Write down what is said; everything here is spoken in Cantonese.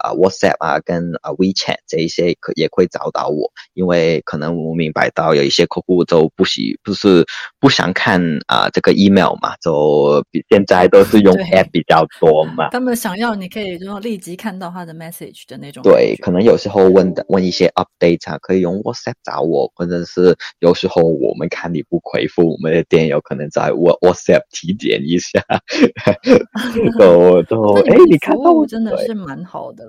啊、呃、WhatsApp 啊，跟啊、呃、WeChat 這一些可也可以找到我，因為可能我明白到有一些客戶都不喜，不、就是不想看啊、呃、這個 email 嘛，就現在都是用 app 對比較多嘛。他們想要你可以就立即看到他的 message 的那種。對，可能有時候問的問一些 update 啊，可以用 WhatsApp 找我，或者是有時候我們看你不回覆，我們的店有可能在 WhatsApp 提點一下。都 都，哎都， 你看，服務真的是蠻好的。